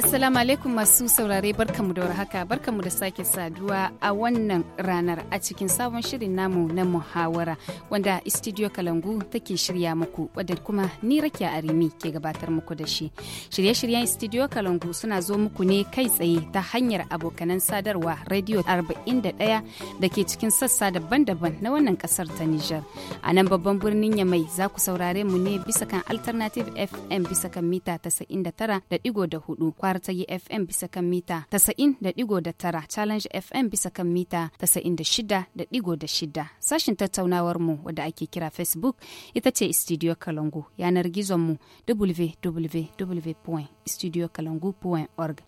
Assalamu alaikum masu saurare barkamu da warhaka barkamu da sake saduwa a wannan ranar a cikin sabon shirin namu na muhawara wanda Studio Kalangu take shirya muku wadda kuma ni Rakiya Arimi ke gabatar muku da shi. Shirye-shiryen Studio Kalangu suna zo muku ne kai tsaye ta hanyar abokanan sadarwa Radio 41 da ke cikin sassa daban-daban na wannan kasar ta Nijar. A nan babban birnin Yamai za ku saurare mu ne bisa kan Alternative FM bisa kan mita 99.4 ta yi FM bisa kan mita 90.9 Challenge FM bisa kan mita 96.6 sashin tattaunawar mu wadda ake kira Facebook ita ce Studio Kalangu yanar gizon mu www.studiokalangu.org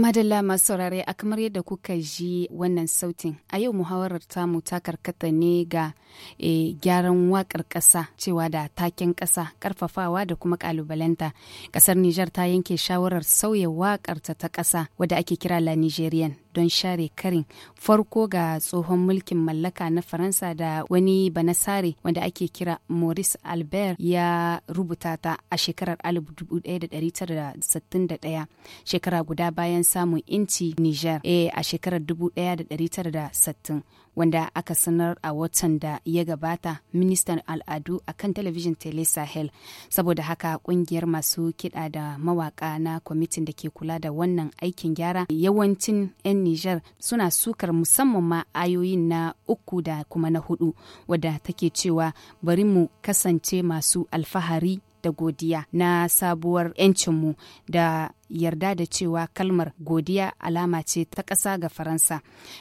Madalla masu saurare a kamar yadda kuka ji wannan sautin a yau muhawarar tamu ta karkata ne ga e, gyaran wakar ƙasa cewa da taken ƙasa karfafawa da kuma ƙalubalanta ƙasar Nijar ta yanke shawarar sauya wakar ta ta ƙasa wadda ake kira La Nigerian don share karin farko ga tsohon mulkin mallaka na faransa da wani banasare wanda ake kira maurice albert ya rubuta ta a shekarar 1961 shekara guda bayan samun inci niger eh, a shekarar 1960 wanda aka sanar a watan da ya gabata ministan al'adu a kan talabijin tele sahel saboda haka kungiyar masu kiɗa da mawaka na kwamitin da ke kula da wannan aikin gyara yawancin 'yan nijar suna sukar musamman ma ayoyin na uku da kuma na hudu wadda take cewa bari mu kasance masu alfahari da godiya na sabuwar mu da yarda da cewa kalmar godiya alama ce ta ƙasa ga faransa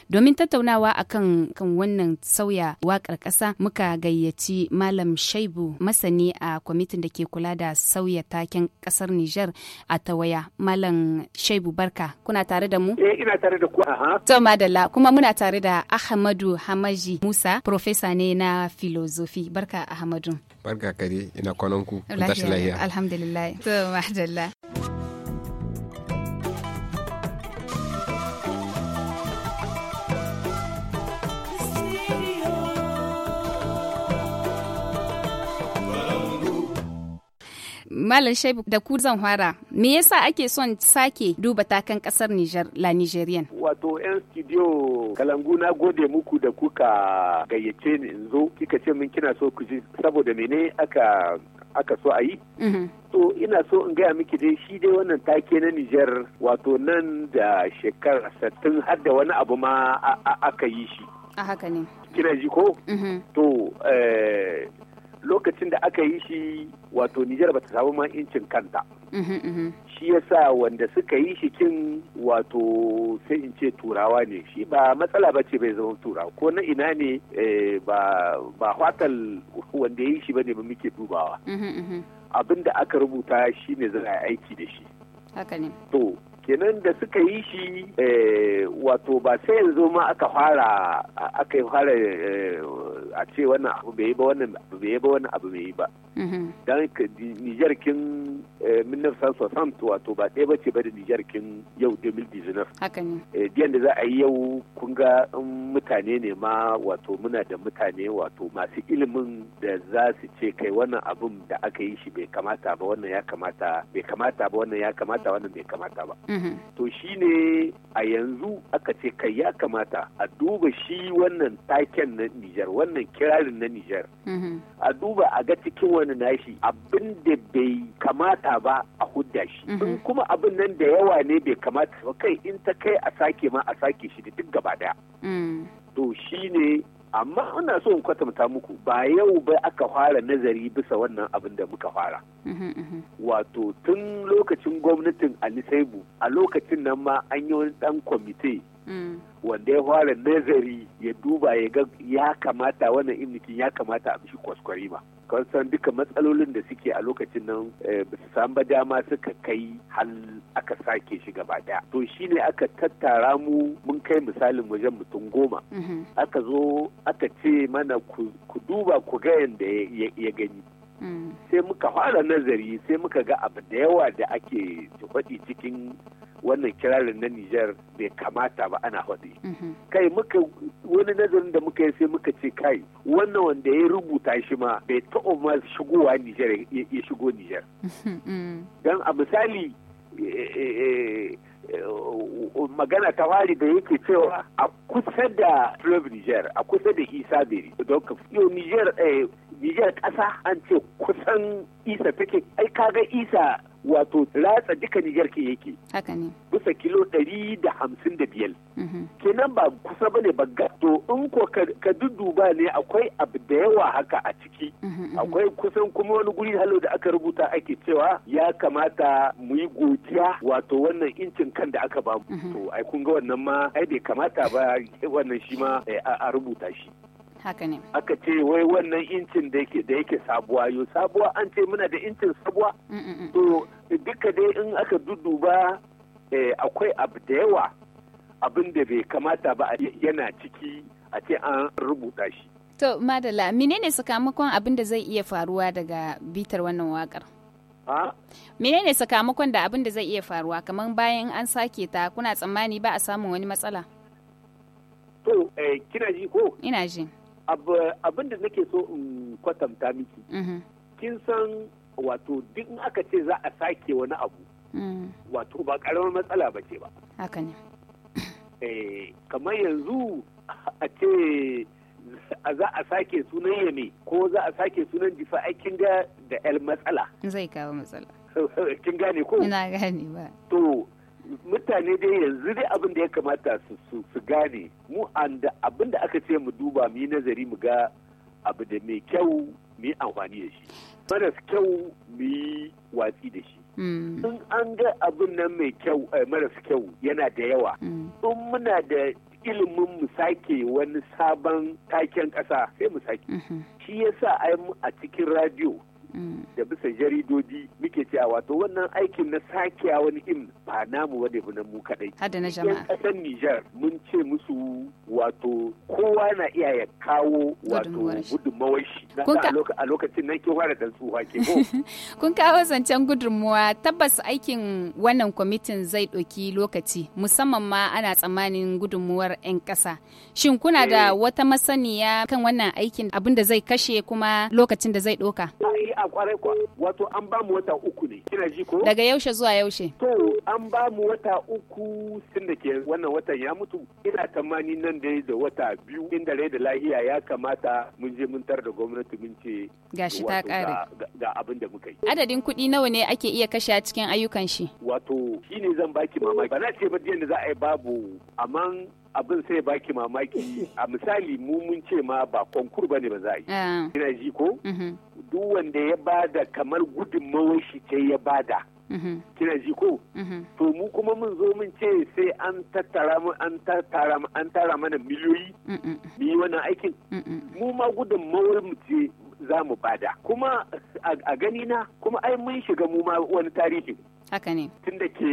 domin tattaunawa akan kan wannan sauya waƙar ƙasa muka gayyaci malam shaibu masani a kwamitin da ke kula da sauya taken ƙasar niger a tawaya malam shaibu barka kuna tare da mu eh ina tare da ku to madalla kuma muna tare da ahmadu hamaji musa profesa ne na filozofi barka ahmadu barka kare ina kwanan ku tashi lahiya alhamdulillah to mahdallah Malam Shaibu da ku zan fara. Me yasa ake son sake duba takan kasar Nijar la Nigerian? Wato 'yan studio Kalangu na gode muku da kuka gayyace ni in zo kika ce min kina so ku ji saboda mene aka aka so a yi. Mhm. To ina so in gaya miki dai shi dai wannan take na Nijar wato nan da shekara sattin har da wani abu ma aka yi shi. A haka ne. Kina ji ko? Mhm. To eh, lokacin da aka yi shi wato Nijar ba ta samu ma incin kanta. Uhm, uhm, uhm. Shi ya sa wanda suka yi shi kin wato sai in ce turawa ne shi ba matsala ba ce bai zama turawa ko na ina ne eh, ba hwatal wanda ya yi shi ba ne ba muke dubawa. Abin da aka rubuta shi ne za aiki da shi. Haka ne. To kenan da suka yi shi eh, wato ba sai yanzu ma aka fara aka fara eh, a ce wannan abu bai yi ba wannan abu bai yi ba wannan abu bai yi ba don nijar kin 1960 eh, wato ba ɗaya bace ba da nijar kin yau 2019 haka ne biyan eh, da za a yi yau kun ga mutane ne ma wato muna da mutane wato masu ilimin da za su ce kai wannan abin da aka yi shi bai kamata ba wannan ya kamata bai kamata ba wannan ya kamata wannan bai kamata ba mhm. to shine a yanzu aka ce kai ya kamata a duba shi wannan taken na nijar wannan kirarin na nijar mhm. a duba a ga cikin wani nashi abin da bai kamata ba a hudda shi in mhm. kuma abin nan da yawa ne bai kamata ba kai in ta kai a sake ma a sake shi da duk gaba daya mm. to shi ne amma ina so in kwatanta muku ba yau ba aka fara nazari bisa wannan abin da muka fara mhm, mhm. wato tun lokacin gwamnatin ali saibu a lokacin nan ma an yi wani dan kwamite mm. wanda ya fara nazari ya duba ya ga ya kamata wannan imnikin ya kamata a bishi kwaskwari ba san duka matsalolin da suke a lokacin nan eh, ba su samu ba dama suka kai hal aka sake shi gaba daya to ne aka tattara mu mun kai misalin wajen mutum goma mhm. aka zo aka ce mana ku duba ku ga yanda ya gani sai muka fara nazari sai muka ga abu da yawa da ake faɗi cikin wannan kirarin na Nijar bai kamata ba ana faɗi. Mhm. Kai muka wani nazarin da muka yi sai muka ce kai wannan wanda ya rubuta shi ma bai taɓa ma shigowa Nijar ya shigo Nijar. Mm. Don a misali eh, eh, eh, Eh, magana ta wari da yake cewa a kusa da Club Niger a kusa da Isa Beri don ka yau Niger eh, Niger ƙasa an ce kusan Isa fike, ai kaga Isa wato ratsa duka Nijar ke yake. Haka ne. Bisa kilo ɗari da hamsin da biyar. Mhm. Kenan ba kusa bane ba gato in ko ka dudduba ne akwai abu da yawa haka a ciki. Mhm, mhm. Akwai kusan kuma wani guri halo da aka rubuta ake cewa ya kamata mu yi godiya wato wannan incin kan da aka bamu. To ai kun ga wannan ma ai bai kamata ba wannan shi ma eh, a rubuta shi. haka ne aka ce wai wannan incin da yake da yake sabuwa yo sabuwa an ce muna da incin sabuwa to mm, mm, mm. duka dai in aka duduba eh, akwai abu da yawa abin da bai kamata ba yana ciki a ce an rubuta shi to madala menene sakamakon abin da zai iya faruwa daga bitar wannan wakar menene sakamakon da abin da zai iya faruwa kamar bayan an sake ta kuna tsammani ba a samun wani matsala to eh, kina ji ko ina ji abin da nake so in kwatanta miki mhm. kin san wato duk aka ce za a sake wani abu mhm. wato ba karamar matsala ba ce ba haka ne eh, kamar yanzu a ce za a sake sunan yame ko za a sake sunan jifa kin ga da el matsala zai kawo matsala kin gane ko ina gane ba to mutane dai yanzu dai abin da ya kamata su gane mu da abin da aka ce mu duba mu nazari mu ga abu da mai kyau mu amfani da shi maras kyau mu yi watsi da shi mm. in an ga abin nan mai kyau eh, mara kyau yana da yawa mm. in muna da ilimin mu sake wani sabon taken ƙasa sai mu sake mm-hmm. shi yasa a cikin radio da bisa jaridodi muke cewa wato wannan aikin na sake wani im ba namu wane bu mu kadai hada na jama'a kasar Nijar mun ce musu wato kowa na iya ya kawo wato gudunmawar shi a lokacin nan ke fara dan tsuwa ke ko kun kawo zancen gudunmuwa tabbas aikin wannan kwamitin zai doki lokaci musamman ma ana tsammanin gudunmuwar 'yan kasa. shin kuna da eh. wata masaniya kan wannan aikin abin da zai kashe kuma lokacin da zai doka. a kwarai kwa wato an ba mu wata uku ne kina ji ko daga yaushe zuwa yaushe to an ba mu wata uku sun da ke wannan watan ya mutu ina tamani nan da da wata biyu inda rai da lahiya ya kamata mun je mun tar da gwamnati mun ce gashi ta kare ga abin da muka yi adadin kuɗi nawa ne ake iya kashe a cikin ayyukan shi wato shine zan baki mamaki ba na ce ba da za a yi babu amma abin sai baki mamaki a misali mu mun ce ma ba konkur ba ne ba za a yi ah. ina ji ko mhm. duk wanda ya bada kamar gudunmawar shi ce ya bada Mm-hmm. kina ji ko mm-hmm. to mu kuma mun zo mun ce sai an tattara mu an tattara mu an tara mana miliyoyi ni wannan aikin mu ma gudun mawar mu ce za mu bada kuma a gani na kuma ai mun shiga mu ma wani tarihi haka ne tun da ke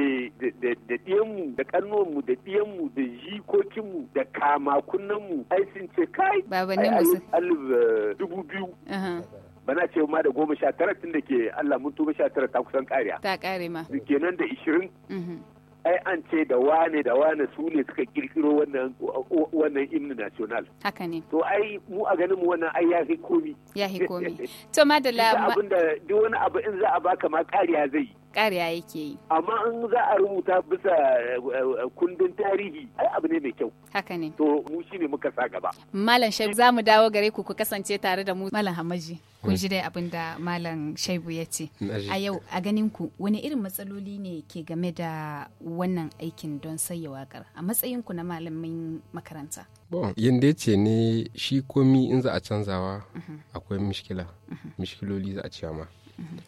da ɗiyanmu da ƙannonmu da ɗiyanmu da jikokinmu da kamakunanmu ai sun ce kai babanin musu alif eh, dubu biyu uh-huh. bana ce ma da goma sha tara tun da ke Allah mun tuba sha tara ta kusan kariya. Ta kare ma. Kenan da ishirin. Mhm. Ai an ce da wane da wane su ne suka kirkiro wannan wannan national. Haka ne. To ai mu a ganin mu wannan ai ya fi komi. Ya fi komi. To madalla. Abin da duk wani abu in za a baka ma kariya zai yi. ƙariya yake yi. Amma in za a rubuta bisa eh, kundin tarihi ai abu ne mai kyau. Haka ne. To mu shi ne muka sa gaba. Malam Shaibu za mu dawo gare ku ku kasance tare da mu. Malam Hamaji. Kun ji dai abin da Malam Shaibu ya ce. A yau a ganin ku wani irin matsaloli ne ke game da wannan aikin don sayya waƙar a matsayin ku na malamin makaranta. Bon, ce ne shi komi in za a canzawa mhm. akwai mishkila, mhm. mishkiloli za a ciyama. ma.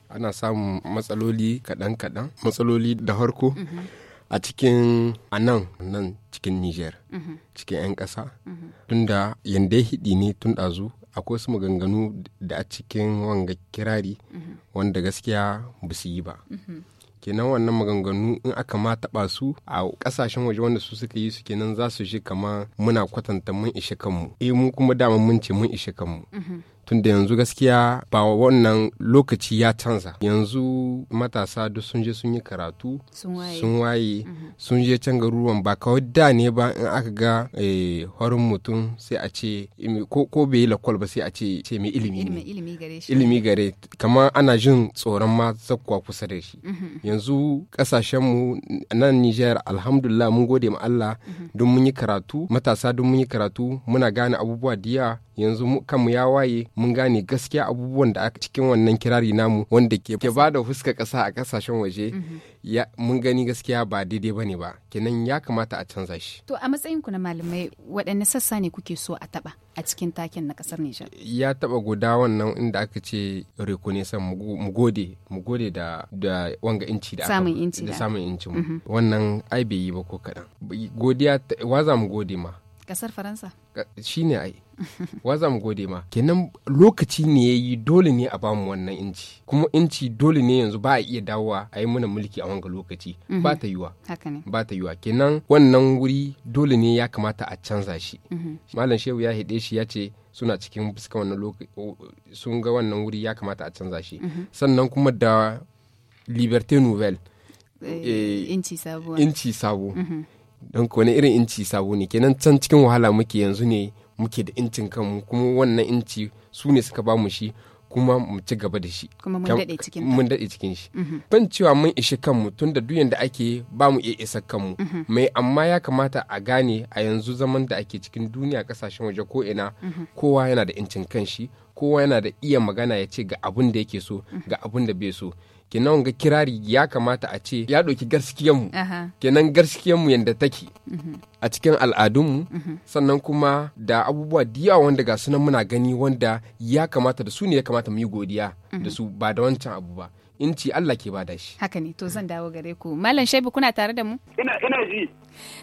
ana samun matsaloli kaɗan-kaɗan matsaloli da harko a cikin a nan nan cikin niger cikin 'yan ƙasa tunda yadda ya hiɗi ne tun ɗazu akwai su maganganu da a cikin wanga kirari wanda gaskiya ba su yi ba kenan wannan maganganu in aka ma taɓa su a ƙasashen waje wanda su suka yi su kenan za su shi kama muna kwatanta mun ishe kanmu eh mu kuma dama mun ce mun ishe kanmu tunda yanzu gaskiya ba wannan lokaci ya canza yanzu matasa duk sun je sun yi karatu sun waye sun mhm. je can garuruwan ba kawai da ne ba in aka ga harin eh, mutum sai a ce eh, ko bai yi lakwal ba sai a ce ce mai ilimi ne ilimi gare kamar ana jin tsoron ma zakkuwa kusa da shi mhm. yanzu kasashenmu nan Nijar alhamdulillah mun gode ma Allah mhm. don mun yi karatu matasa don mun yi karatu muna gane abubuwa diya yanzu mu kanmu ya waye mun gane gaskiya abubuwan da aka cikin wannan kirari namu wanda ke ba da fuska ƙasa a ƙasashen waje mhm. mun gani gaskiya ba daidai bane ba kenan ya kamata a canza shi to a matsayin ku na malamai waɗanne sassa ne kuke so a taba a cikin taken na ƙasar Nijar ya taba guda wannan inda aka ce san mu gode mu gode da da wanga inci da samun inci da samun inci mu mhm. wannan ai bai yi ba ko kaɗan godiya wa za mu gode ma ƙasar Faransa shine ai wa za mu gode ma kenan lokaci ne ya yi dole ne a bamu wannan inci kuma inci dole ne yanzu ba a iya dawowa a yi mana mulki a wanga lokaci mhm. ba ta yiwa ba ta yiwa kenan wannan wuri dole ne ya kamata a canza shi mhm. malam shehu ya hide shi ya ce suna cikin fuska wannan lokaci sun ga wannan wuri ya kamata a canza shi mhm. sannan kuma da liberté nouvelle eh, eh, inci sabo inci sabo don kone irin inci sabo ne kenan can cikin wahala muke yanzu ne muke da incin kanmu kuma wannan inci su ne suka bamu shi kuma mu ci gaba da shi kuma mun daɗe cikin shi mhm. ban cewa mun ishi kanmu tun da duk yanda ake ba mu iya isa kanmu mhm. mai amma ya kamata a gane a yanzu zaman da ake cikin duniya kasashen waje ko ina mhm. kowa yana da incin kan shi kowa yana da iya magana ya ce ga abin da yake so ga abun da bai so kenan ga kirari ya kamata a ce ya ɗauki gaskiyanmu kenan mu yadda take mhm. a cikin al'adunmu mhm. sannan kuma da abubuwa diya wanda ga sunan muna gani wanda ya kamata da su ne ya kamata mu yi godiya mhm. da su ba da wancan abu ba ci Allah ke bada shi. Haka ne, to zan dawo gare ku. Malam Shaibu kuna tare da mu? Ina ina ji.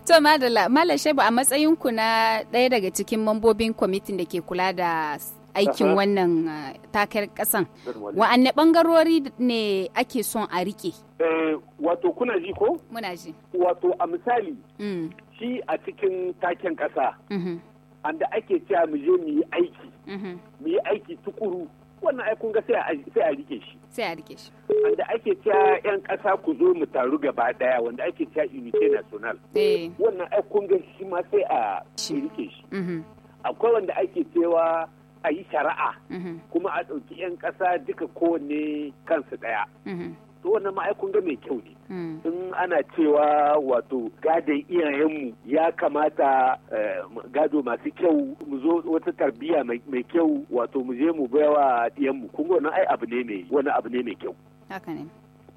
To madalla, Malam Shaibu a matsayin ku na ɗaya daga cikin mambobin kwamitin da ke kula da aikin wannan ah, takar kasan wa'anne bangarori ne ake son a rike eh, wato kuna ji ko muna ji wato a misali mm. shi a cikin taken kasa mm-hmm. anda ake cewa mu je mu yi aiki mm-hmm. mu yi aiki tukuru wannan aikun ga sai a rike shi sai a rike shi wanda ake cewa yan kasa ku zo mu taru gaba daya wanda ake cewa unité national eh. wannan aikun ga shi ma sai a rike shi mm-hmm. akwai wanda ake cewa a yi shari'a mhm. kuma a ɗauki 'yan ƙasa duka kowanne kansu ɗaya. Mhm. to wannan ma'aikun ga mai kyau ne. Mhm. In ana cewa wato gadon iyayenmu ya kamata eh, gado masu kyau mu zo wata tarbiyya mai kyau wato mu je mu baiwa iyayenmu kun gona ai abu ne mai wani abu ne mai kyau.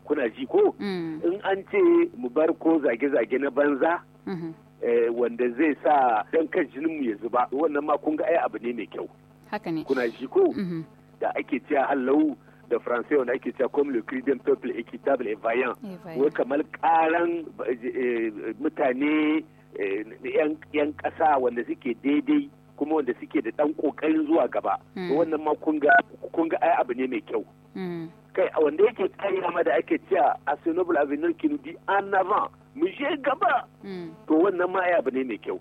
Kuna ji ko? Mm. In an ce mu bar ko zage-zage na banza. Eh, wanda zai sa dan kan mu ya zuba wannan ma kun ga ai abu ne mai kyau. haka ne kuna ji ko mhm. da ake cewa hallau da france wanda ake cewa comme le cri d'un peuple équitable et vaillant wai kamar karan eh, mutane eh, yan ƙasa wanda suke daidai kuma wanda suke da ɗan kokarin zuwa gaba hmm. wannan ma kun ga ai abu ne mai kyau hmm. kai a wanda yake tsari ma da ake cewa a sinoble avenir kinudi en avant mu je gaba hmm. to wannan ma ai abu ne mai kyau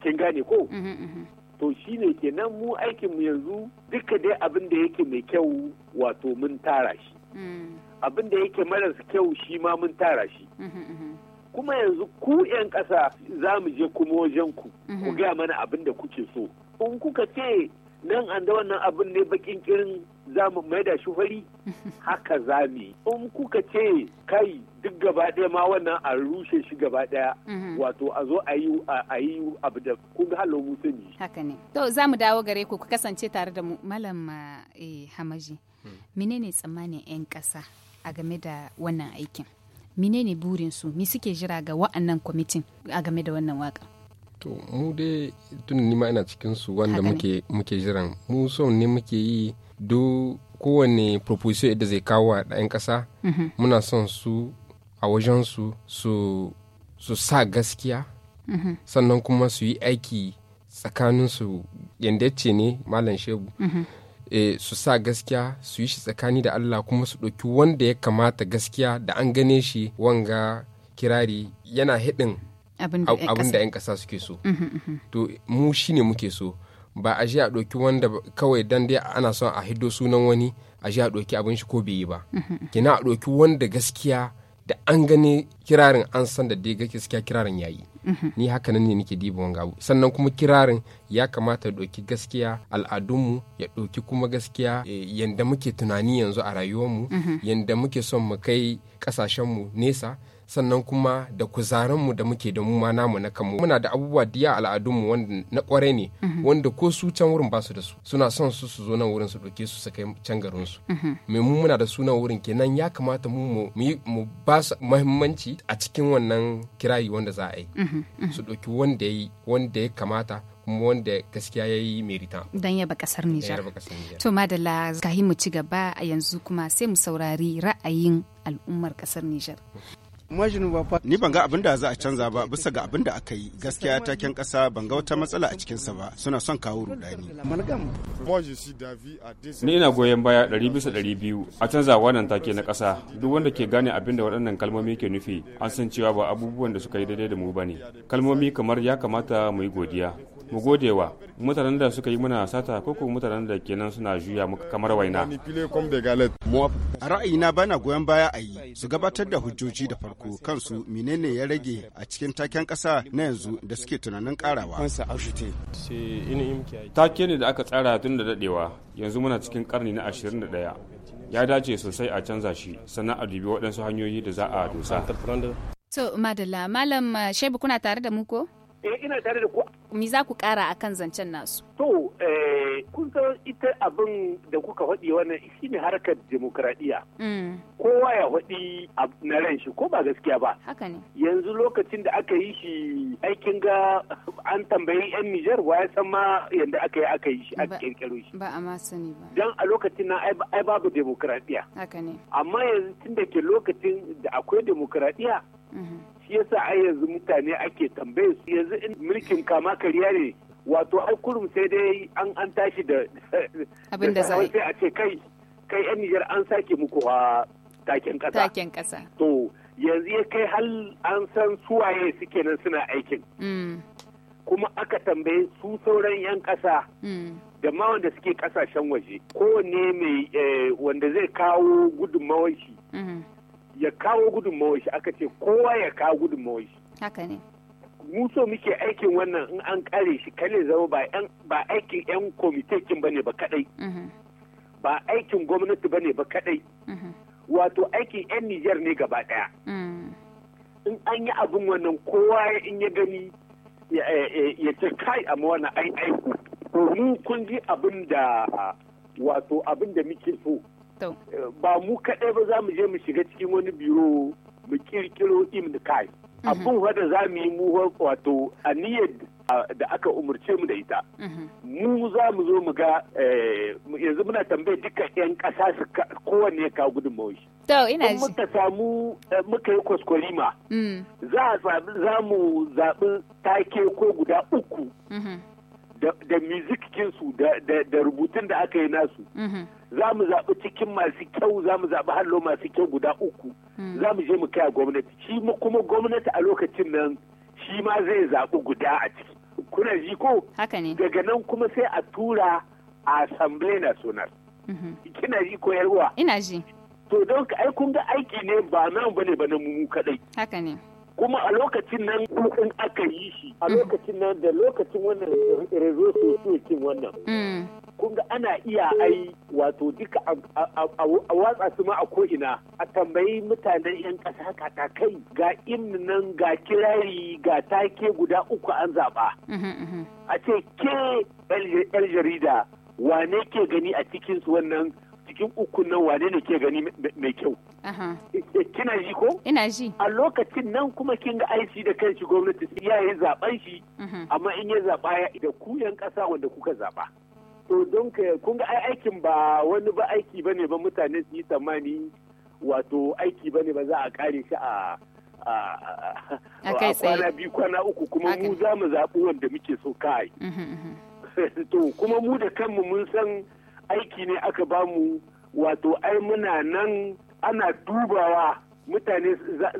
kin gane ko mhm, mhm. to shine kenan mu aikinmu yanzu duka dai abin da yake mai kyau wato mun tara shi mm. abin da yake maras kyau shi ma mun tara shi mm-hmm, mm-hmm. kuma yanzu ku 'yan ƙasa za mu je kuma wajen ku ku mm-hmm. gaya mana abin da kuke so in kuka ce nan an da wannan abin ne bakin kirin za mu mai shi shufari haka za mu in kuka ce kai duk gaba ɗaya ma wannan a rushe shi gaba ɗaya mhm. wato a zo a yi abu da kun ga halin musu haka ne to za mu dawo gare ku ku kasance tare da malam eh, hamaji hmm. menene tsammanin 'yan ƙasa a game da wannan aikin menene burin su mi suke jira ga wa'annan kwamitin a game da wannan waƙa. to mu dai tun ni ma ina cikin su wanda muke muke jiran mu son ne muke yi do kowane proposition yadda zai kawo a ɗayan ƙasa mhm. muna son su a wajen su su sa gaskiya mhm. sannan kuma su yi aiki tsakanin su yadda ce ne malam shebu mhm. eh, su sa gaskiya su yi shi tsakani da Allah kuma su ɗauki wanda ya kamata gaskiya da an gane shi wanga kirari yana hidin abin da 'yan ƙasa suke so mm, mm, mm, to mu shine muke so ba a je a ɗauki wanda kawai dan dai ana son a hiddo sunan wani a a ɗauki abin shi ko bai yi ba kina a ɗauki wanda gaskiya da an gani kirarin an san da dai gaskiya kirarin yayi ni haka nan ne nake diba wanga abu sannan kuma kirarin ya kamata ya ɗauki gaskiya al'adunmu ya ɗauki kuma gaskiya eh, yanda muke tunani yanzu a rayuwarmu yanda muke son mu kai ƙasashenmu nesa sannan kuma da kuzarinmu da muke da mu ma namu na kanmu muna da abubuwa diya al'adunmu wanda na kwarai ne mhm. wanda ko su can wurin basu da su suna son su su zo nan wurin su ɗauke su su kai can garin su mhm. me mu muna da sunan wurin kenan ya kamata mu mu ba su muhimmanci a cikin wannan kirayi wanda za a yi mhm, su doki wanda ya wanda ya kamata kuma wanda gaskiya ya yi merita. Don yaba kasar Nijar. To madalla kahi mu ci gaba a yanzu kuma sai mu saurari ra'ayin al'ummar kasar Nijar. Ni ban ga abin da za a canza ba bisa ga abin da aka yi gaskiya taken kasa ban ga wata matsala a cikinsa ba suna son kawo rudani. Ni ina goyon baya ɗari bisa ɗari biyu a canza wannan take na ƙasa duk wanda ke gane abin da waɗannan kalmomi ke nufi an san cewa ba abubuwan da suka yi daidai da mu ba ne. Kalmomi kamar ya kamata mu yi godiya mu gode wa mutanen da suka yi muna sata ko kuma mutanen da kenan suna juya muka kamar waina a na bana goyon baya a yi su gabatar da hujjoji da farko kansu menene ya rage a cikin taken ƙasa na yanzu da suke tunanin karawa take ne da aka tsara tun da dadewa yanzu muna cikin karni na 21 ya dace sosai a canza shi sannan a dubi waɗansu hanyoyi da za a dosa. To Madalla, Malam Shebu kuna tare da mu ko? Eh ina tare da ku kumi za ku kara akan zancen nasu to eh, kun san ita abin da kuka faɗi wannan shi ne harkar demokradiyya. Mm. Kowa ya faɗi na ran shi ko ba gaskiya ba. Haka ne. Yanzu lokacin da aka yi shi aikin ga an tambayi 'yan Nijar wa ya san ma yadda aka yi aka yi shi a kirkiro shi. Ba a ma sani ba. Don a lokacin na ai babu demokradiyya. Haka ne. Amma yanzu tun da ke lokacin da akwai demokradiyya. Mm-hmm. Shi yasa ai yanzu mutane ake tambaye su yanzu in mulkin kama karya ne wato ai kurum sai dai an an tashi da abin da sai a ce kai kai yan Nijar an sake muku a taken kasa takin kasa to yanzu ya kai hal an san suwaye suke nan suna aikin mm. kuma aka tambaye su sauran yan kasa mm. da ma wanda suke kasashen waje kowanne mai eh, wanda zai kawo gudunmawar shi mm. ya kawo gudunmawar shi aka ce kowa ya kawo gudunmawar shi haka ne mu so muke aikin wannan in an kare shi kare zama ba aikin 'yan kwamitekin ba ne ba kadai mhm. ba aikin gwamnati ba ne ba kadai mhm. wato aikin 'yan nijar ne gaba daya mm. in an yi abin wannan kowa in ya gani ya ce kai a wannan ai aiko to mu kun ji abin da wato abin da muke so eh, ba mu kadai ba za mu je mu shiga cikin wani biro mu kirkiro imni kai abin mhm. wadda za mu yi mu wato aniyar da aka umarce mu da ita mhm. mu za mu zo mu ga eh, yanzu muna tambayar duka 'yan ƙasa su kowanne ya kawo shi to ina ji muka samu eh, muka yi kwaskwarima mm. za mu zaɓi take ko guda uku mhm. da mizikinsu da rubutun da aka yi nasu za mu zaɓi cikin masu kyau za mu zaɓi hallo masu kyau guda uku hmm. za mu je mu kai a gwamnati shi kuma gwamnati a lokacin nan shi ma zai zaɓi guda a ciki kuna ji ko daga nan kuma sai a tura a assembly national mhm. kina ji ko yarwa ina ji to don ai kun ga aiki ne ba nan ba ne ba na mu kadai haka ne kuma a lokacin nan in aka yi shi a hmm. lokacin nan da lokacin wannan rezo sosai kin wannan hmm. kun ga ana iya ai wato duka a watsa su ma a ko'ina a tambayi mutanen 'yan ƙasa katakai ga nan ga kirari ga take guda uku an zaɓa. A ce ke 'yar jarida wane ke gani a cikinsu wannan cikin uku nan wane ne ke gani mai kyau. Kina ji ko? Ina ji. A lokacin nan kuma kin ga aiki da kanshi gwamnati ya yi zaben shi, amma in ya zaba da ku yan kasa wanda kuka zaba. to don kun ga aikin ba wani ba aiki ba ne ba mutane su yi tsammani wato aiki ba ne ba za a kare shi a a kwana biyu kwana uku kuma mu za mu zaɓi wanda muke so kai uhm, uhm, uhm. to kuma mu da kanmu mun san aiki ne aka ba mu wato ai muna nan ana dubawa mutane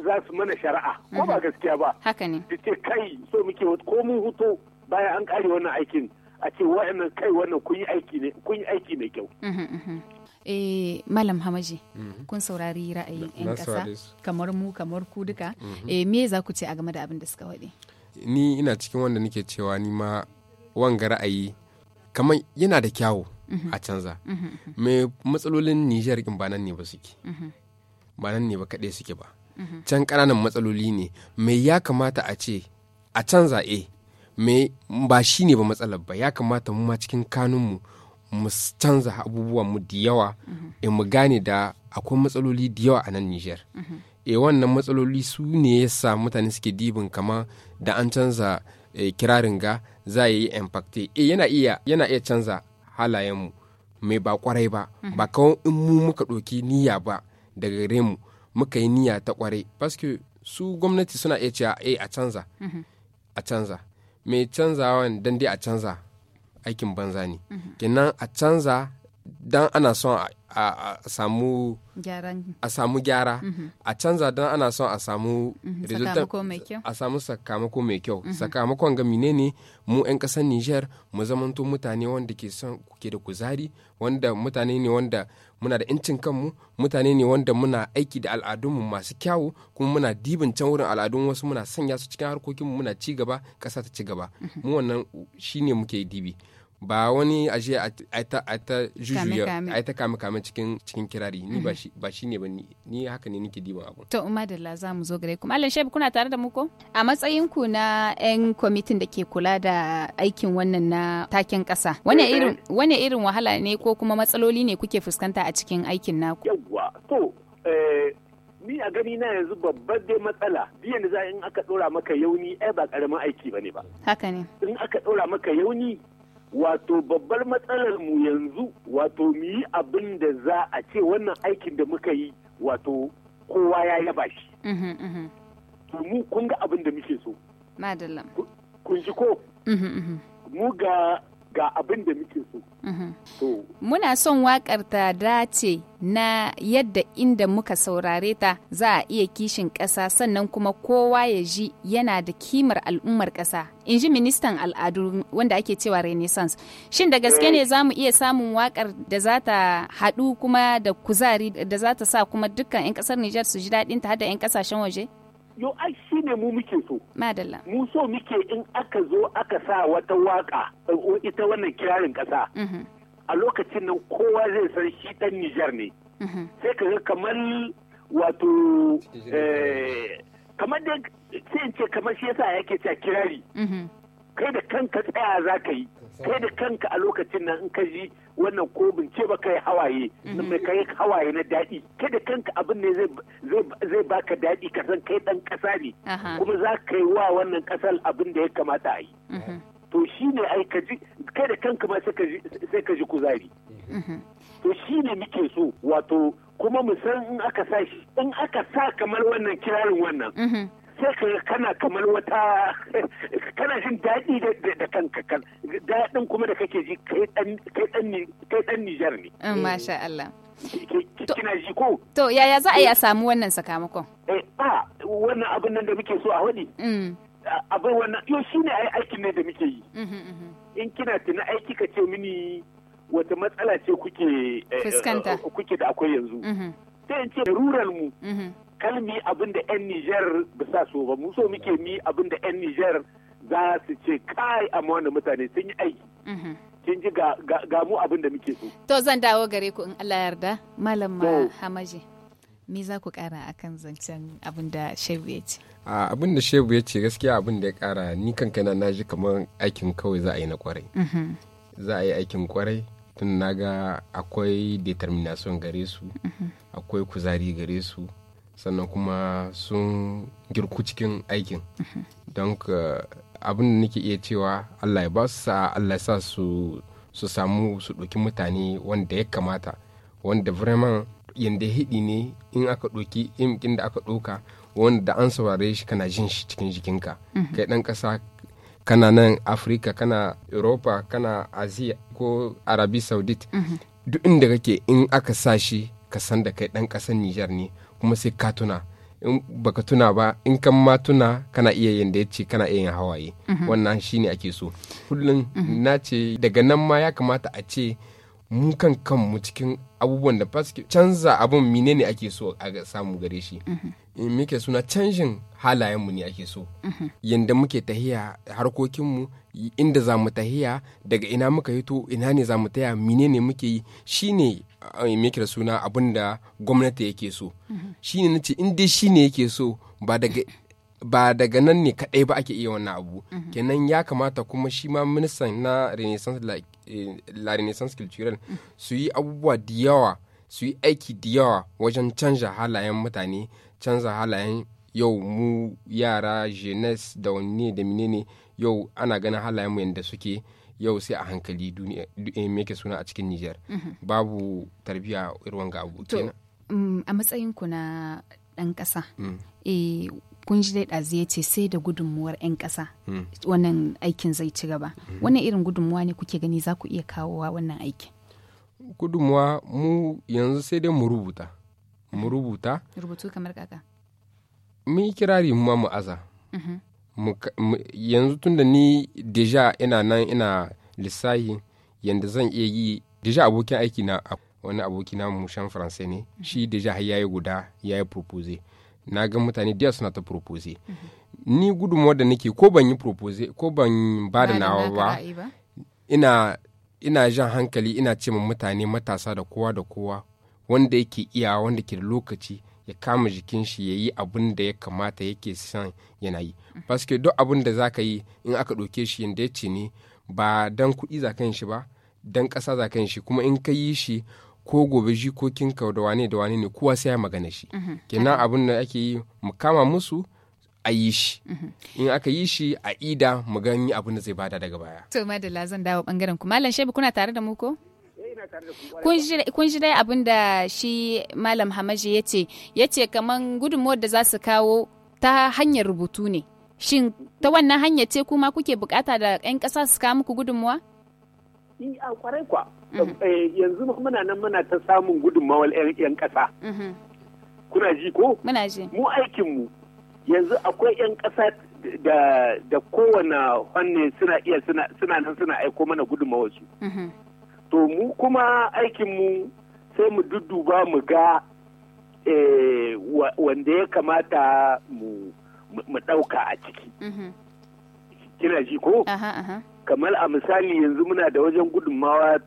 za su mana shari'a ko ba gaskiya ba haka ne kai so muke ko mun hutu bayan an kare wannan aikin a ce wa'annan kai wannan kun yi aiki ne kun yi aiki mai kyau uhm, uhm, uhm. eh malam hamaji kun saurari ra'ayin 'yan kasa kamar mu kamar ku duka eh me za ku ce a game da abin da suka waɗe ni ina cikin wanda nake cewa ni ma wanga ra'ayi kamar yana da kyawu a canza me matsalolin nijar in ba nan ne ba suke ba nan ne ba kaɗai suke ba can ƙananan matsaloli ne me ya kamata a ce a canza eh me ba shi ne ba matsalar ba ya kamata mu ma cikin kanunmu mu canza abubuwan mu da yawa in mhm. mu gane da akwai matsaloli da yawa a nan Nijar. Mhm. E eh, wannan matsaloli su ne ya sa mutane suke dibin kama da an canza eh, kirarin ga za yi impacte. E yana iya yana iya canza halayenmu mai ba kwarai ba mhm. ba kawo in mu muka ɗauki niyya ba daga gare mu muka yi niyya ta kwarai. Paske su gwamnati suna iya cewa a canza a canza mai canzawan dan dai a canza aikin banza ne mhm. kenan a canza dan ana son a samu gyara a canza don ana son a samu a samu sakamako mai kyau mhm. sakamakon ga ne mu 'yan kasar niger mu zamanto mutane wanda ke son kuke da kuzari wanda mutane ne wanda muna da incin kanmu mutane ne wanda muna aiki da al'adunmu masu kyawu kuma muna dibin can wurin al'adun wasu muna sanya su cikin harkokinmu muna ci gaba ƙasa ta ci gaba mhm. mu wannan shine muke dibi ba wani ashe a ta jujuya a ta kame kame cikin cikin kirari ni ba mm-hmm. shi ne ba ni haka ne nake diban abu to umma da za mu zo gare ku malam shebu kuna tare da mu ko a matsayin ku na yan kwamitin da ke kula da aikin wannan na taken kasa wani eh, eh. irin irin wahala ne ko kuma matsaloli ne kuke fuskanta a cikin aikin naku yawwa to eh, ni a gani na yanzu babbar dai matsala biyan da za in aka dora maka yauni ai ba karamin aiki bane ba haka ne in aka dora maka yauni wato babbar matsalar mu yanzu wato mu yi abin da za a ce wannan aikin da muka yi wato kowa ya yaba shi mhm, mhm. to mu kun ga abin da muke so Madalla. kun ji ko mhm, mu ga ga abin da muke so. Mhm. Muna son wakar ta dace na yadda inda muka saurare ta za a iya kishin ƙasa sannan kuma kowa ya ji yana da kimar al'ummar ƙasa. In ji ministan al'adu wanda ake cewa Renaissance. Shin da gaske ne eh. za mu iya samun wakar da za ta haɗu kuma da kuzari da za ta sa kuma dukkan 'yan ƙasar Nijar su ji daɗin ta hada 'yan ƙasashen waje? Yo, ai ne mu muke so. Madalla. Mu so muke in aka zo aka sa wata waka ita wannan kirarin ƙasa. Mm-hmm. A lokacin nan kowa zai san shi dan Nijar ne. Mm-hmm. Sai ka ga kamar wato eh, kamar da sai in ce kamar shi yasa yake cewa kirari. Mm-hmm. kai da kanka tsaya za ka yi kai da kanka a lokacin nan in ka ji wannan ko bince ba kai hawaye mhm. nan mai kai hawaye na daɗi kai da kanka abin ne zai baka daɗi ka san kai ɗan ƙasa ne kuma za ka yi wa wannan ƙasar abin da ya kamata a yi mhm. to shi ne ai ka ji kai da kanka ma sai ka ji kuzari mhm. to shi ne muke so wato kuma mu san in aka sa shi in aka sa kamar wannan kirarin wannan sai ka kana kamar wata kana jin daɗi da kanka kan daɗin kuma da kake ji kai ɗan Nijar ne. Eh, masha Allah. Kina ji ko? To yaya za a yi a eh. samu wannan sakamakon? Eh a wannan abin nan da muke so a wani. Mm. Abin wannan yau shi ne aikin ne da muke yi. Mhm, mhm. In kina tuna aiki ka ce mini wata matsala ce kuke eh, kuke da akwai yanzu. Mhm. Sai in ce rural mu. kar mi abin da 'yan Nijar ba sa so ba mu so muke mi abin da 'yan Nijar za su ce kai amma wannan mutane sun yi aiki. Mhm. Kin ji ga mu abin da muke so. To zan dawo gare ku in Allah yarda Malam Hamaji. Me za ku kara kan zancen abin da Shehu ya ce? Abin da Shehu ya ce gaskiya abin da ya kara ni kankana na ji kamar aikin kawai za a yi na kwarai. Mhm. Za a yi aikin kwarai tun naga akwai determination gare su, mhm. akwai kuzari gare su, sannan kuma sun girku cikin aikin mhm. don abin da nake iya cewa allah ya ba su sa allah ya sa su samu su ɗoki mutane wanda ya kamata wanda vraiment yadda hidi ne in aka ɗoki imkin da aka ɗoka wanda an saurare shi kana jin shi cikin jikinka mhm. kai ɗan ƙasa kana nan afirka kana europa kana aziya ko arabi saudit mhm. duk inda kake in aka sa shi ka san da kai ɗan ƙasar nijar ne kuma sai ka tuna in baka tuna ba in kan ma tuna kana iya yin da ya ce kana iya yin hawaye mhm. wannan shine ake so kullum mhm. na ce daga nan ma ya kamata a ce mu kan kanmu cikin abubuwan da faske canza abin mine ne ake so a samu gare shi mhm. in muke suna canjin halayenmu ne ake so yadda muke tahiya harkokinmu inda za mu tahiya daga ina muka hito ina ne za mu taya mine ne muke yi shine me da suna abin da gwamnati yake so shine nace in dai shine yake so ba daga ba daga nan ne kaɗai ba ake iya wannan abu kenan ya kamata kuma shi ma ministan na renaissance la eh, su yi abubuwa da yawa su yi aiki da yawa wajen canza halayen mutane canza halayen yau mu yara jeunesse da wani da menene yau ana ganin halayen mu yadda suke yau sai a hankali duniya eh, meke suna a cikin Nijar mhm. babu tarbiya irin wanga abu kenan mm, a matsayin ku na ɗan ƙasa, mm. eh, kun ji dai ɗazi ya ce sai da gudunmuwar 'yan ƙasa mm. wannan aikin zai ci gaba wannan irin gudunmuwa ne kuke gani za ku iya kawowa wannan aikin gudunmuwa mu yanzu sai dai mu rubuta mu rubuta rubutu kamar kaka mun yi kirari mu ma mu aza mhm. yanzu tunda ni deja ina nan ina lissahi yanda zan iya yi deja abokin aiki na wani aboki na mushan faransa ne mhm. shi deja har yayi guda yayi propose na ga mutane da suna ta propose mhm. ni gudunmu da nake ko ban yi propose ko ban ba da nawa ba ina ina jan hankali ina ce mutane matasa da kowa da kowa wanda yake iya wanda ke da lokaci ya kama jikin shi ya yi abin da ya kamata yake son yana yi paske duk abin da za ka yi in aka ɗauke shi yadda ya ce ne ba don kuɗi za ka shi ba don ƙasa za ka shi kuma in ka yi shi ko gobe jikokinka da wane da wane ne kowa sai ya magana shi uhuh, kenan abin da ake yi mu kama musu a yi shi uhuh. in aka yi shi a ida mu gani abin da zai bada daga baya to madalla zan dawo bangaren ku malam Shebi kuna tare da mu ko kun ji dai abin da shi malam hamaji ya ce ya ce kamar gudunmuwar da za su kawo ta hanyar rubutu ne shin ta wannan hanyar ce kuma kuke bukata da 'yan kasa su kawo muku gudunmuwa? a kwarai kwa mm. eh, yanzu muna nan muna ta samun gudunmawar 'yan ƙasa mm-hmm. kuna ji ko? muna ji mu aikinmu yanzu akwai 'yan ƙasa da kowane hannu suna iya suna nan suna aiko mana gudunmawar su mm-hmm. to mu kuma aikinmu sai mu dudduba mu ga eh, wanda ya kamata mu ɗauka a ciki mhm. kina ji ko kamar a misali yanzu muna da wajen gudunmawa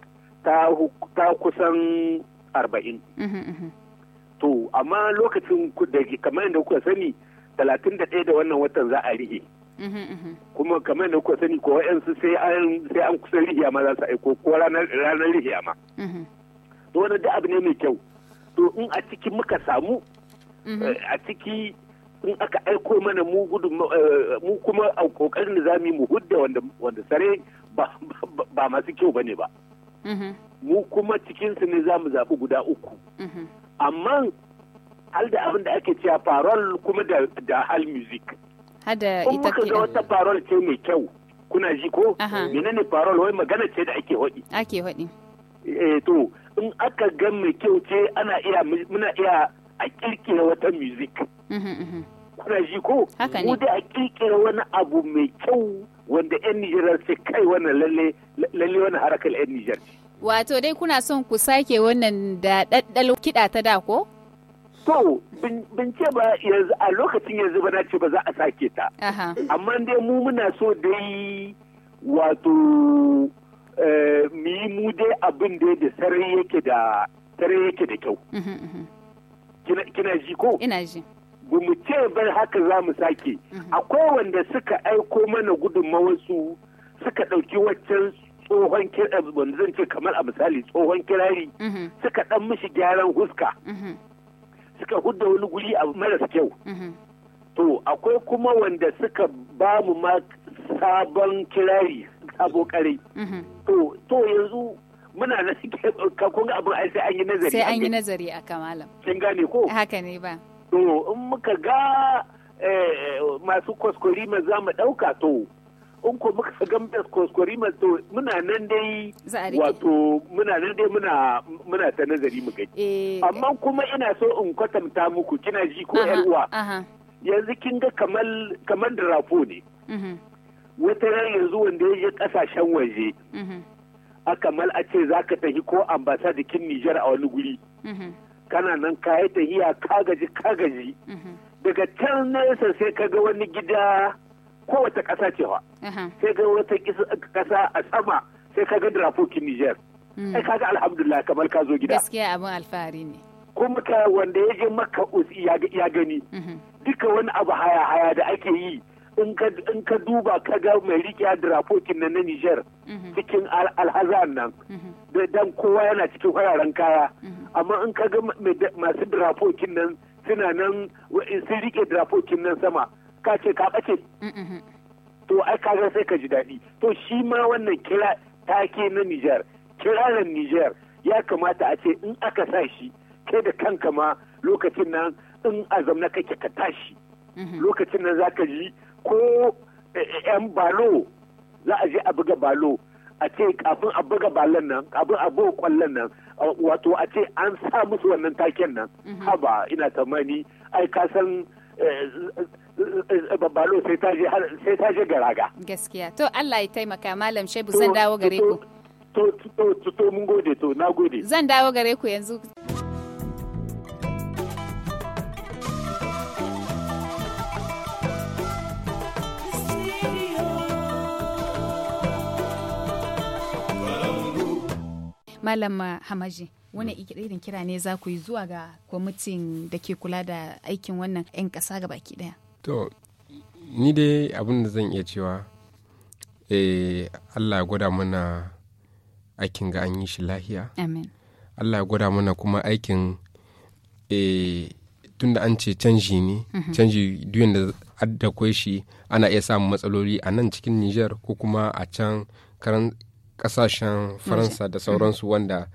ta kusan arba'in mhm, mhm. to amma lokacin kamar yadda kuka sani talatin da ɗaya da wannan watan za a rige kuma kamar da kuka sani ko wa'yansu sai an sai an kusan rihiya ma za su aiko ko ranar ranar rihiya ma to wannan da abu ne mai kyau to in a ciki muka samu eh, a ciki in aka aiko mana mu gudun eh, mu kuma a kokarin da zamu mu hudda wanda wanda sare ba masu kyau bane ba mu kuma cikin su ne zamu zabi guda uku amma al da abin da ake cewa farol kuma da hal music hada ita ke ga wata parol ce mai kyau kuna ji ko menene parol wai magana ce da ake hodi ake hodi eh to in aka ga mai kyau ce ana iya muna iya a kirkira wata music mhm, mhm. kuna ji ko mu da a kirkira wani abu mai kyau wanda yan Nijar sai kai wannan lalle lalle wannan harakar yan Nijar wato dai kuna son ku sake wannan da daddal kiɗa ta da ko To, bin ce ba yanzu a lokacin yanzu ba na ce ba za a sake ta. Amma dai mu muna so dai wato eh, mu yi mu dai abin da da sarai yake da kyau. Mhm, mhm. Kina ji ko? Ina ji. Ba mu ce bar haka za mu sake. Mhm. Akwai wanda suka aiko mana su suka ɗauki waccan tsohon kirari zan ce kamar a misali tsohon kirari suka ɗan mishi gyaran huska. suka hudda wani guri a maras kyau mhm. to akwai kuma wanda suka ba mu ma sabon kirari kare. Mhm. to to yanzu muna da kunga abin ai sai an yi nazari sai an yi nazari a kamalam kin gane ko haka ne ba to in muka ga eh, masu kwaskwari ma za mu ɗauka to in ko muka gambas kwaskwarima to muna nan dai wato muna nan dai muna ta nazari mu gani eh. amma kuma ina so in kwatanta muku kina ji ko yar uwa yanzu kin ga kamal kamar da rafo ne mhm. wata ran yanzu wanda ya je kasashen waje mhm. a kamal a ce zaka tafi ko ambasa jikin Nijar a wani guri mhm. kana nan ka yi tahiya ka gaji ka gaji daga can nesa sai ka ga wani gida kowace ƙasa cewa sai ga wata ƙasa a sama sai ka ga drafokin Niger. Sai hmm. ka ga alhamdulillah kamar ka zo gida. Gaskiya abin alfahari ne. Kuma ka wanda ya je maka ya gani. Mhm. Duka wani abu haya haya da ake yi in ka duba ka ga mai riƙe drafokin nan na Niger mhm. cikin alhazan nan. Mhm. Da dan kowa yana cikin fararen kaya. Amma in ka ga masu drafokin nan suna nan sun riƙe drafokin nan sama. ka ce ka ɓace to ai kaga sai ka ji daɗi to shi ma wannan kira take na Nijar na Nijar ya kamata a ce in aka sa shi kai da kanka ma lokacin nan in na kake ka tashi mm-hmm. lokacin nan ka ji ko eh, eh, yan balo za a je a buga balo a ce kafin a buga balon nan kafin a buga kwallon nan wato a ce an sa musu wannan taken nan mm-hmm. haba ina tamani ai ka san eh, babbalo sai ta je garaga gaskiya to Allah ya taimaka malam Shebu zan dawo gare ku to to to mun gode to na gode zan dawo gare ku yanzu malam Hamaji, wani irin kira ne za ku yi zuwa ga kwamitin da ke kula da aikin wannan 'yan ƙasa gabaki daya. to ni dai abin da zan iya cewa eh, Allah ya gwada mana aikin ga an yi shi lahiya Allah ya gwada mana kuma aikin eh tunda an ce canji ne mhm. canji duyan da adda kwai shi ana iya samun matsaloli a nan cikin Nijar ko kuma a can karan kasashen faransa da sauransu wanda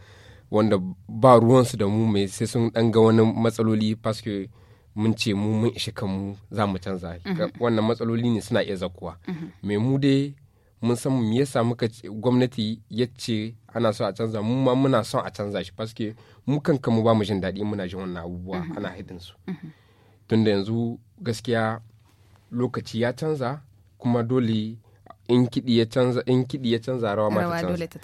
ba ruwansu da mu mai sai sun ɗanga ga wani matsaloli paske mun ce mu mun ishe kanmu za mu canza mhm. wannan matsaloli ne suna iya zakuwa mai mhm. mu dai mun san mu yasa muka gwamnati ya ce ana so a canza mu ma muna son a canza shi paske mu kanka mu ba mu jin daɗi muna jin wannan abubuwa mhm. ana hidin su tunda yanzu gaskiya lokaci ya canza kuma dole in kiɗi ya canza in kiɗi ya canza rawa ma ta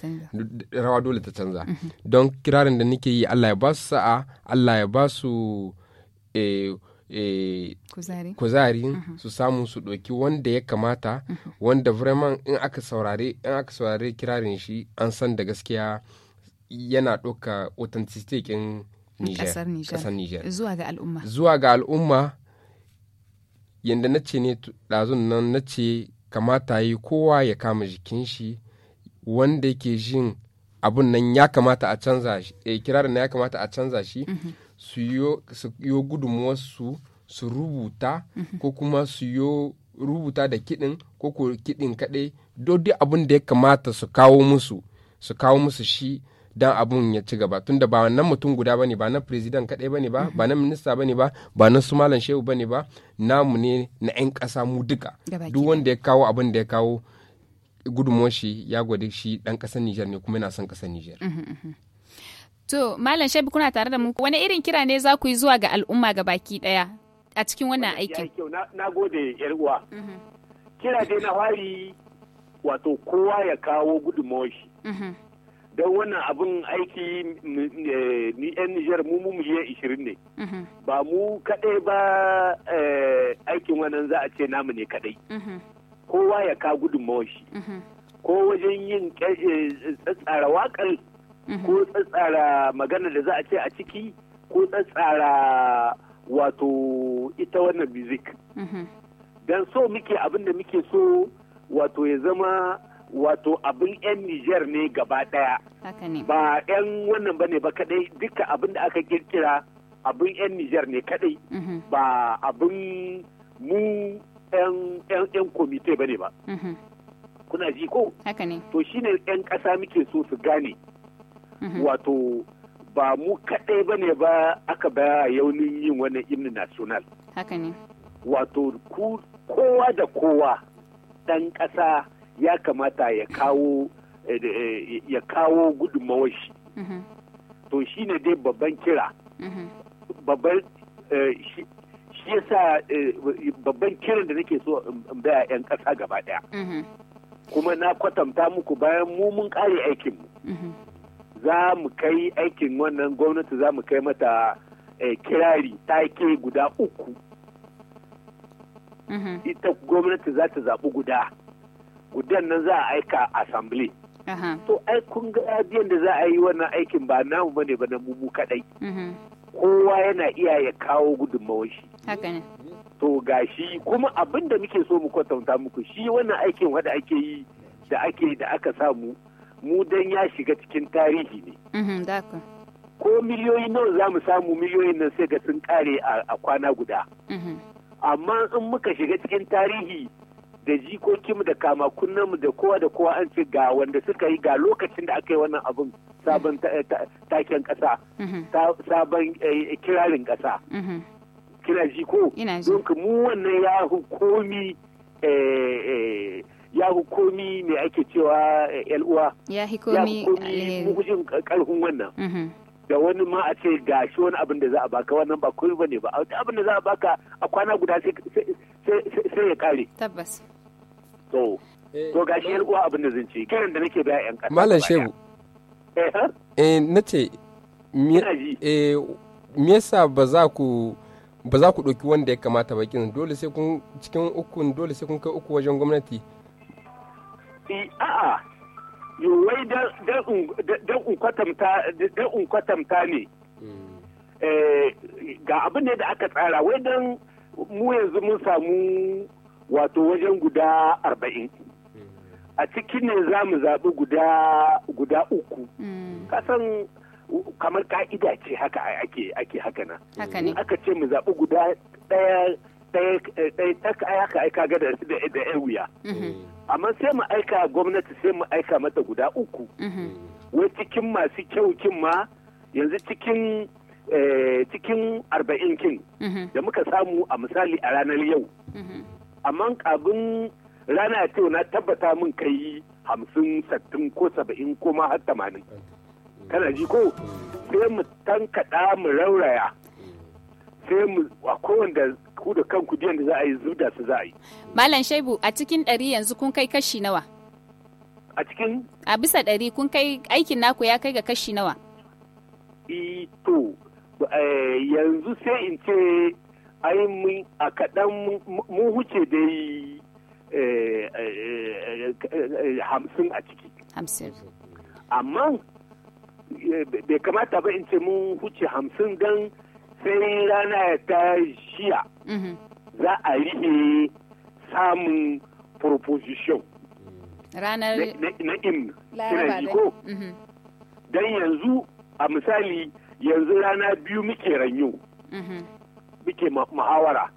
canza rawa dole ta canza don kirarin da nake yi Allah ya ba su sa'a Allah ya ba su Eh, eh, kuzari uh-huh. su samu su ɗauki wanda ya kamata uh-huh. wanda vraiment in aka saurare in aka saurare kirarin shi an san da gaskiya yana ɗauka authenticity Niger ƙasar Niger zuwa ga al'umma zuwa ga al'umma yanda na ce ne ɗazun nan na ce kamata yi kowa ya kama jikin shi wanda yake jin abun nan ya kamata a canza shi eh, kirarin nan ya kamata a canza shi uh-huh. su yo gudunmuwarsu su rubuta ko kuma su yo rubuta da kiɗin ko ko kiɗin kaɗai duk abin da ya kamata su kawo musu su kawo musu shi dan abun ya ci gaba tunda ba nan mutum guda bane ba na president kadai bane ba ba na minista bane ba ba na su malam shehu bane ba namu ne na yan kasa mu duka duk wanda ya kawo abin da ya kawo gudunmuwar shi ya gwada shi dan kasar Nijar ne kuma yana son kasar Nijar. To, Malam Shabi kuna tare da mu, wani irin kira ne za ku yi zuwa ga al'umma ga baki ɗaya a cikin wannan aikin? Na gode, ‘yar mhm. Kira dai na fari wato kowa ya kawo gudunmawar mhm. Don wannan abin aiki ni ‘yan Nijar mu mu miliyan ishirin ne. Mhm. Ba mu kaɗai ba eh, aikin wannan za a ce namu ne kaɗai. Kowa ya kawo gudunmawar Ko wajen yin tsatsara eh, waƙar ko mhm. tsatsara magana da za a ce a ciki ko tsatsara wato ita wannan music mhm. don so muke abin da muke so wato ya zama wato abin 'yan Nijar ne gaba daya Ba 'yan wannan ba ba kadai duka abin da aka kirkira abin 'yan Nijar ne kadai mhm. ba abin mu 'yan komite ba ne ba. Kuna ji ko? To shine 'yan kasa muke so su gane. Mhm. wato ba mu kaɗai ba ne ba aka ba yaunin yin wani imni national haka ne wato kowa da kowa ɗan ƙasa ya kamata ya kawo eh, eh, ya kawo gudunmawar shi mhm. to shi ne dai babban kira mhm. babban eh, shi yasa babban kiran da nake so in baya 'yan ƙasa gaba ɗaya kuma na kwatanta muku bayan mu mun ƙare aikinmu za mu kai aikin wannan gwamnati za mu kai mata eh, kirari take guda uku mm-hmm. ita gwamnati za ta zaɓi guda gudan nan za a aika assembly uh-huh. to ai kun ga da za a yi wannan aikin ba namu bane ba na mu kadai mm-hmm. kowa yana iya ya kawo gudunmawar shi to ga shi kuma abin da muke so mu kwatanta muku shi wannan aikin wanda ake yi da ake da aka samu mu dan ya shiga cikin tarihi ne mhm, ko miliyoyi nawa za mu samu miliyoyin nan sai ga sun kare a kwana guda mhm. amma in muka shiga cikin tarihi da jikokinmu da kama da kowa da kowa an ce ga wanda suka yi ga lokacin da aka yi wannan abin sabon taken kasa mhm. sabon eh, kirarin kasa kira jiko don mu wannan ya komi eh, eh, ya fi komi ake cewa eh, uwa ya fi komi mugujin eh, karfin wannan mhm. da wani ma a ce ga shi wani abin da za a baka wannan ba komi bane ba abin da za a baka a kwana guda sai ya kare tabbas to eh. to ga shi uwa abin da zan ce kiran da nake baya yan kasa malam shehu eh ce eh me yasa ba za ku ba za ku ɗauki wanda ya kamata ba kin dole sai kun cikin ukun dole sai kun kai uku wajen gwamnati a'a wai dan in ne ga abin da aka tsara wai dan mu yanzu mun samu wato wajen guda arba'in a cikin ne za mu zaɓi guda uku kasan kamar ka'ida ce haka ake ake haka na aka ce mu zaɓi guda ɗaya ɗaya ɗaya ɗaya ɗaya ɗaya da ɗaya wuya amma sai mu aika gwamnati sai mu aika mata guda uku mhm. wai cikin masu kyau kin ma yanzu cikin eh, cikin arba'in kin mhm. da muka samu a misali a ranar yau mhm. amma kabin rana ce na tabbata min kai hamsin sattin ko saba'in ko ma har tamanin kana ji ko sai mu tankaɗa mu rauraya sai mu a kowanne. ku da kanku biyan da za a yi zubda su za a yi. Malam Shaibu a cikin ɗari yanzu kun kai kashi nawa? A cikin? A bisa ɗari kun kai aikin naku ya kai ga kashi nawa? Ito eh, yanzu sai in ce ai mun a kaɗan mun huce dai eh, eh, hamsin a ciki. Hamsin. Amma bai kamata ba in ce mun huce hamsin don sai rana ta shiya mhm. za a yi samun proposition ranar in im ko mhm. don yanzu a misali yanzu rana biyu muke ranyo mhm. muke muhawara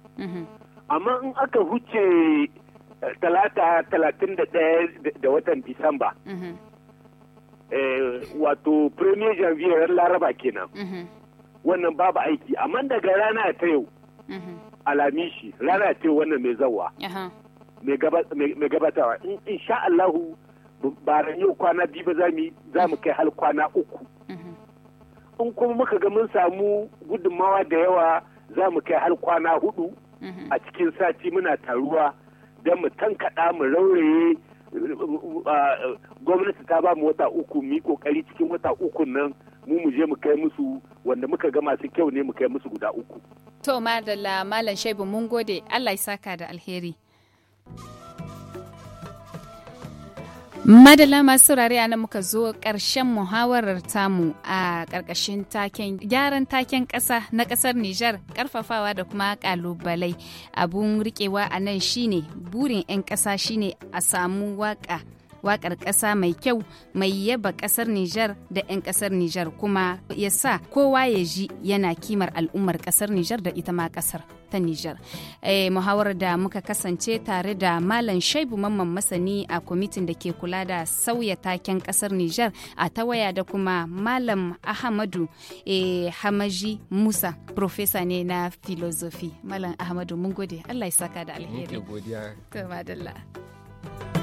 amma in aka huce eh, talata talatin da daya da watan disamba eh, wato premier janvier laraba kenan wannan babu aiki amma daga rana ta yau mhm. alamishi rana ta yau wannan mai zawa mai gabatawa in sha Allahu ba yau kwana biyu ba za mu kai hal kwana uku mhm. in kuma muka ga mun samu gudunmawa da yawa za mu kai hal kwana hudu mhm. a cikin sati muna taruwa don mu tankaɗa mu rauraye uh, uh, uh, gwamnati ta ba mu wata uku mu yi kokari cikin wata uku nan mu mu je mu kai musu wanda muka ga masu kyau ne mu kai musu guda uku. To madalla malam Shaibu mun gode Allah ya saka da alheri. Madala masu saurare a nan muka zo ƙarshen muhawarar tamu a ƙarƙashin taken gyaran taken ƙasa na ƙasar Nijar ƙarfafawa da kuma ƙalubalai. Abun riƙewa a nan shine burin 'yan ƙasa shine a samu waƙa waƙar ƙasa mai kyau mai yaba ƙasar Nijar da 'yan ƙasar Nijar kuma ya sa kowa ya ji yana kimar al'ummar ƙasar Nijar da ita ma ƙasar ta Nijar. E, muhawarar da muka kasance tare da Malam Shaibu Mamman Masani a kwamitin da ke kula da sauya taken ƙasar Nijar a ta waya da kuma Malam Ahmadu e, Hamaji Musa, Profesa ne na filozofi. Malam Ahmadu mun gode, Allah ya saka da alheri. Thank you.